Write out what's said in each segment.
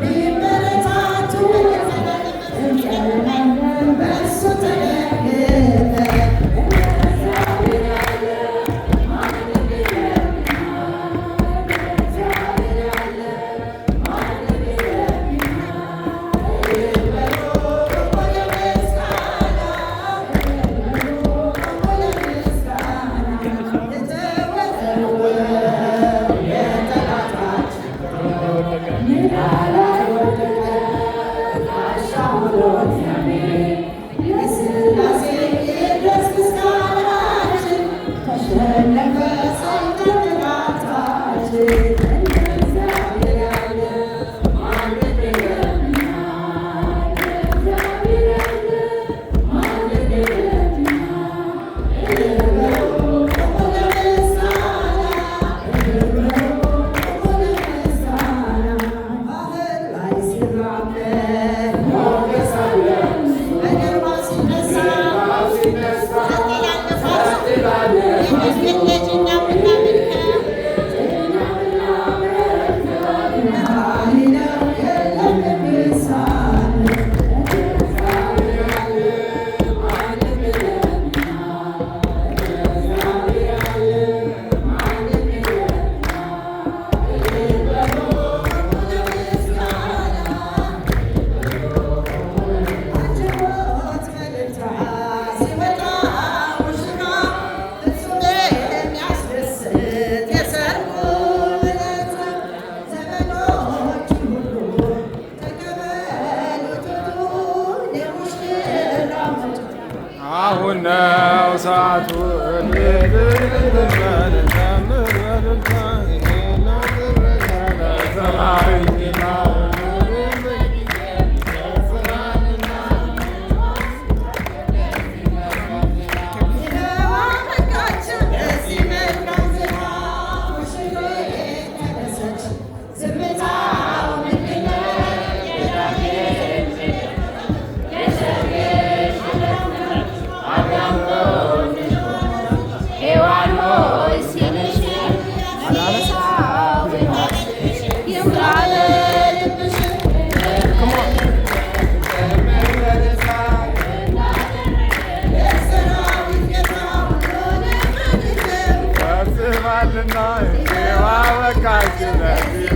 ቢበረታቱ በእሱ ነው ሰዓቱ ሰማይ nós, eu abacate da vida.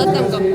Anlatamam.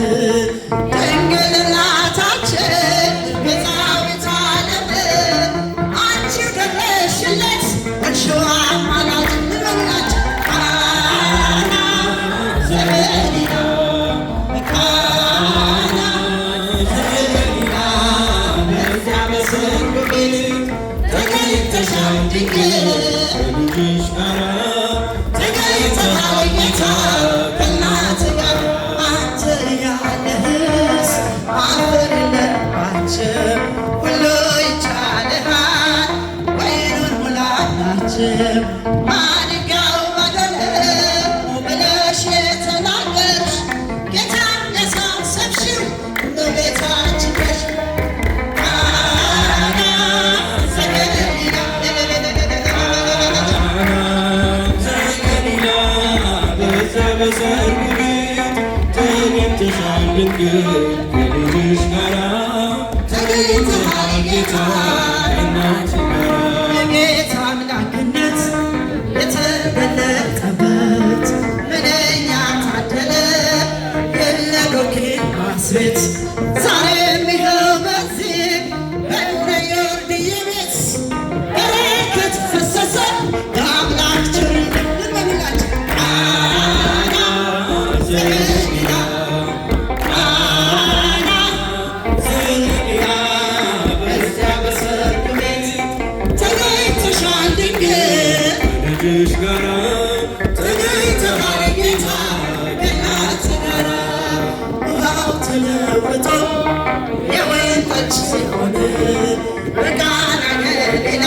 Yeah. ግን ከምስጋና ተለይተሃል ጌታ ተለውጦ የወይን ጠጅ ሲሆን በቃና ለሌላ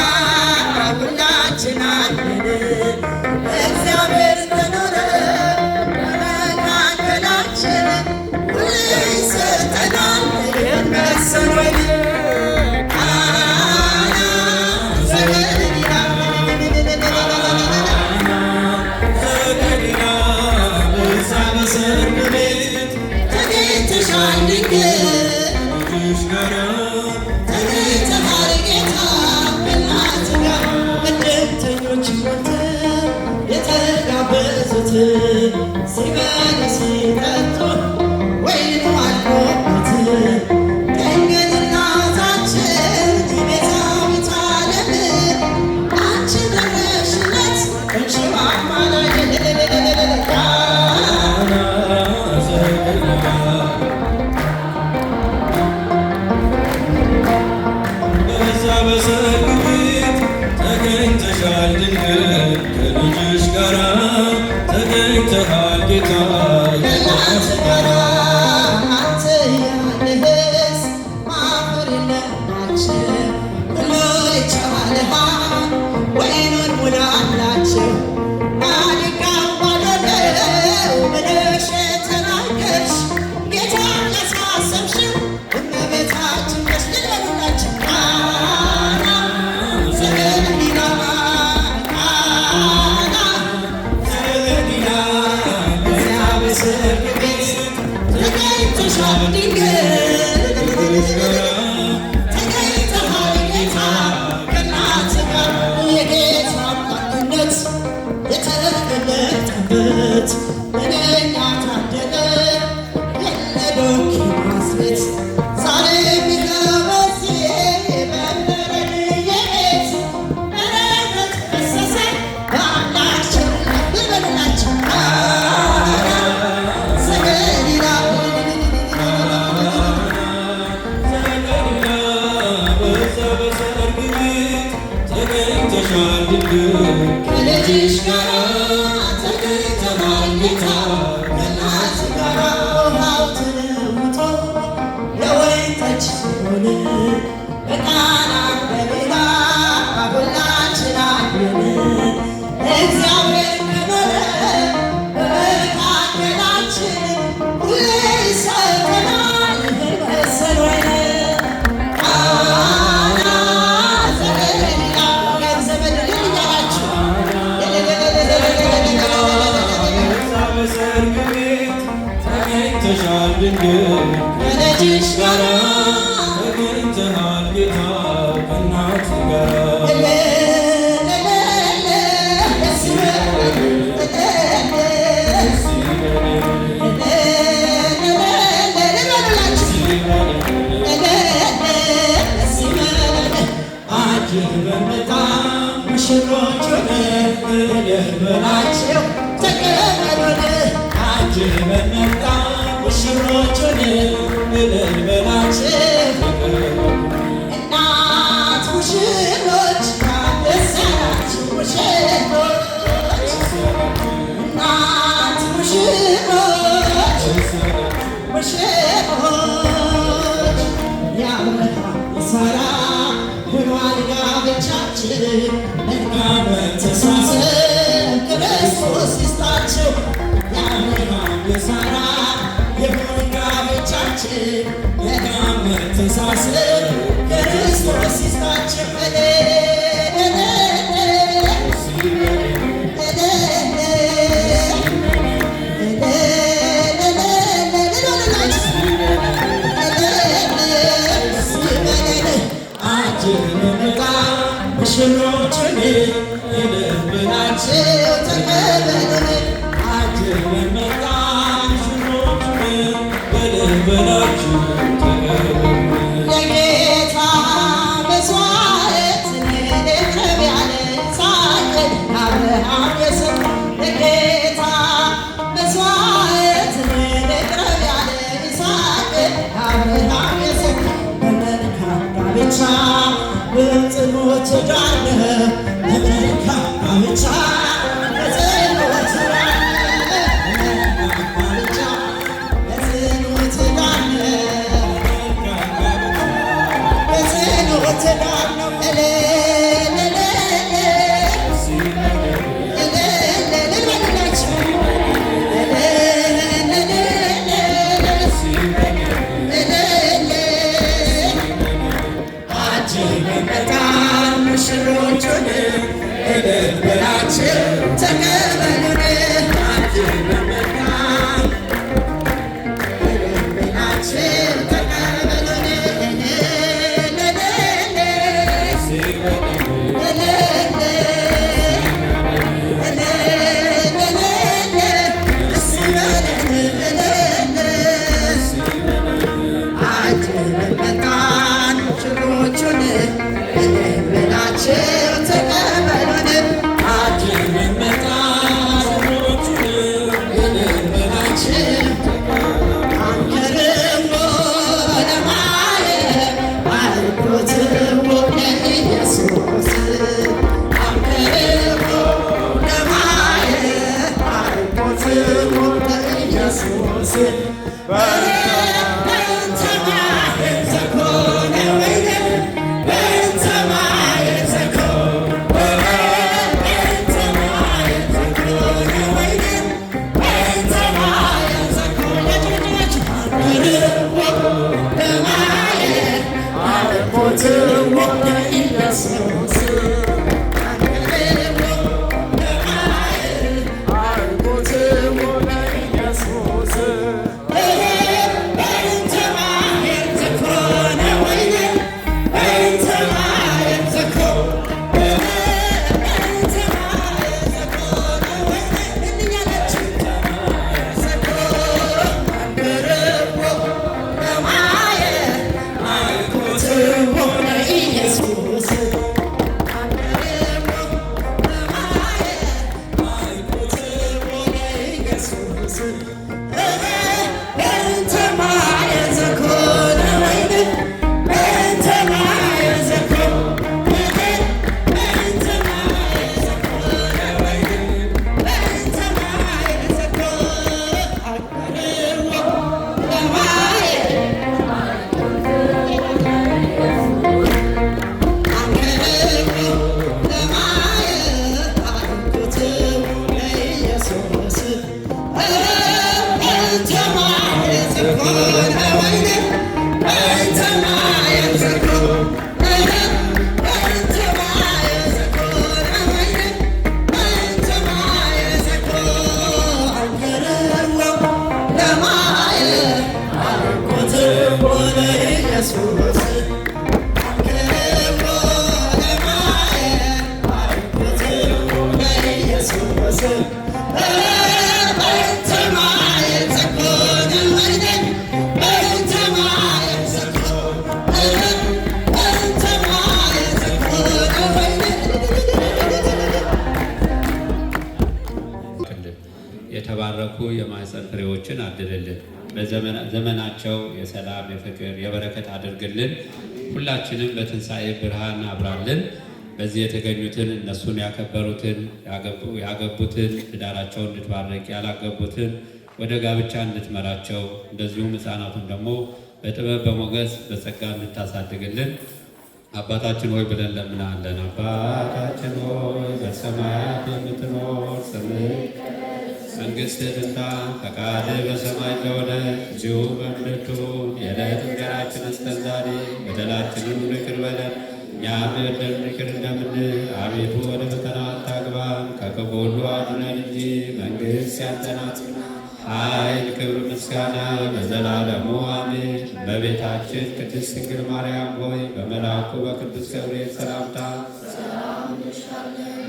መተሳሰብ ክርስቶስ ይስጣችሁ። በላችሁ ሽኖቹን እልል ብላችሁ ተቀበሉን ben የተባረኩ የማህፀን ፍሬዎችን አድልልን። በዘመናቸው የሰላም የፍቅር የበረከት አድርግልን። ሁላችንም በትንሣኤ ብርሃን አብራልን። በዚህ የተገኙትን እነሱን ያከበሩትን ያገቡትን ትዳራቸውን እንድትባረቅ ያላገቡትን ወደ ጋብቻ እንድትመራቸው እንደዚሁም ሕፃናቱን ደግሞ በጥበብ በሞገስ በጸጋ እንድታሳድግልን አባታችን ሆይ ብለን ለምናለን። አባታችን ሆይ በሰማያት የምትኖ መንግስትህና ፈቃድህ በሰማይ እንደሆነ እንዲሁም በምድር ትሁን። የዕለት እንጀራችንን ስጠን ዛሬ፣ በደላችንን ይቅር በለን እኛም የበደሉንን ይቅር እንደምንል። አቤቱ ወደ ፈተና አታግባን፣ ከክፉ ሁሉ አድነን እንጂ መንግሥት ያንተ ኃይል፣ ክብር፣ ምስጋና በዘላለሙ አሜን። በቤታችን ቅድስት ድንግል ማርያም ሆይ በመልአኩ በቅዱስ ገብርኤል ሰላምታ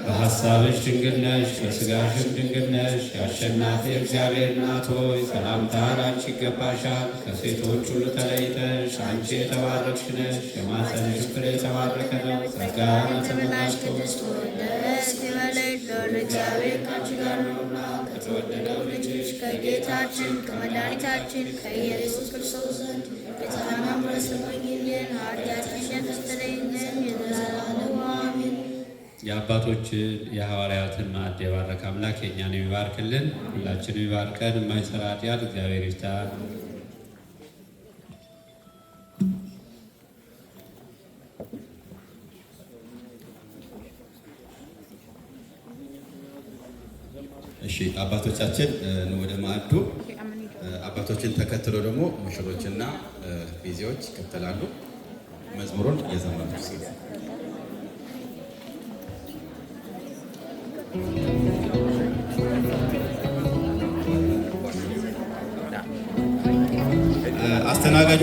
በሐሳብሽ ድንግል ነሽ፣ በሥጋሽም ድንግል ነሽ። የአሸናፊ እግዚአብሔር እናት ሆይ ሰላምታ ላንቺ ይገባሻል። ከሴቶች ሁሉ ተለይተሽ አንቺ የተባረክሽ ነሽ፣ የማኅፀንሽ ፍሬ የተባረከ ነው። ጸጋን የተመላሽ ከተወደደው ልጅሽ ከጌታችን ከመድኃኒታችን ከኢየሱስ ክርስቶስ ዘንድ የጸናና ምረስለመኝ የአባቶችን የሐዋርያትን ማዕድ የባረከ አምላክ የእኛን የሚባርክልን ሁላችን የሚባርከን የማይሰራ ኃጢአት እግዚአብሔር ይፍታ። እሺ አባቶቻችን ወደ ማዕዱ አባቶችን ተከትሎ ደግሞ ሙሽሮችና ሚዜዎች ይከተላሉ። መዝሙሩን የዘመኑ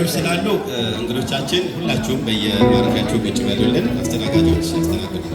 እንግዶች ስላሉ እንግዶቻችን ሁላችሁም በየማረፊያቸው ቁጭ በሉልን። አስተናጋጆች ያስተናግዱ።